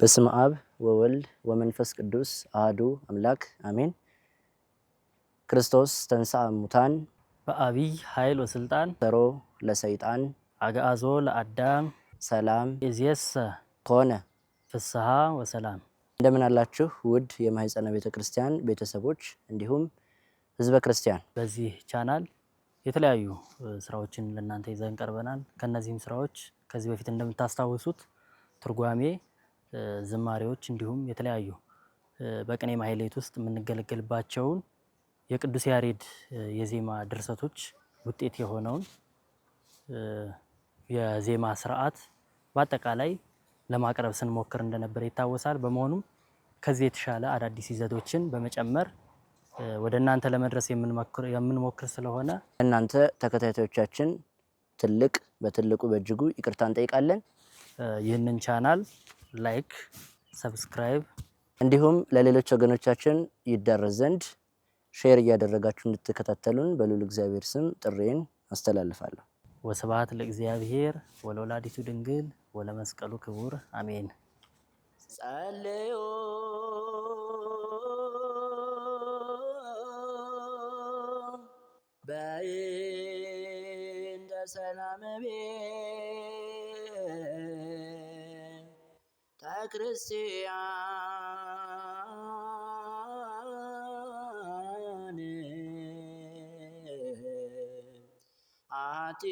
በስም አብ ወወልድ ወመንፈስ ቅዱስ አህዱ አምላክ አሜን። ክርስቶስ ተንሳ ሙታን በአቢይ ኃይል ወስልጣን ሰሮ ለሰይጣን አግዓዞ ለአዳም ሰላም እዝየሰ ኮነ ፍስሐ ወሰላም። እንደምን አላችሁ ውድ የማህፀነ ቤተ ክርስቲያን ቤተሰቦች እንዲሁም ህዝበ ክርስቲያን። በዚህ ቻናል የተለያዩ ስራዎችን ለእናንተ ይዘን ቀርበናል። ከእነዚህም ስራዎች ከዚህ በፊት እንደምታስታውሱት ትርጓሜ ዝማሬዎች እንዲሁም የተለያዩ በቅኔ ማህሌት ውስጥ የምንገለገልባቸውን የቅዱስ ያሬድ የዜማ ድርሰቶች ውጤት የሆነውን የዜማ ስርዓት በአጠቃላይ ለማቅረብ ስንሞክር እንደነበር ይታወሳል። በመሆኑም ከዚህ የተሻለ አዳዲስ ይዘቶችን በመጨመር ወደ እናንተ ለመድረስ የምንሞክር ስለሆነ እናንተ ተከታታዮቻችን ትልቅ በትልቁ በእጅጉ ይቅርታ እንጠይቃለን። ይህንን ቻናል ላይክ፣ ሰብስክራይብ እንዲሁም ለሌሎች ወገኖቻችን ይዳረስ ዘንድ ሼር እያደረጋችሁ እንድትከታተሉን በልዑል እግዚአብሔር ስም ጥሬን አስተላልፋለሁ። ወስብሐት ለእግዚአብሔር ወለወላዲቱ ድንግል ወለመስቀሉ ክቡር አሜን። ጸልዩ በእንተ ሰላም ቤት ክርስቲያን አቲ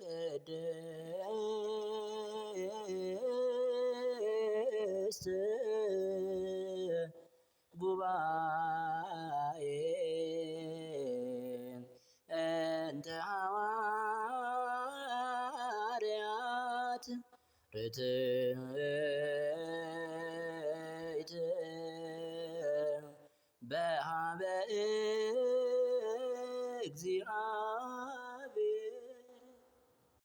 ቅድስት ጉባኤ ኃጢአት ርትዕት በሃበ እግዚአ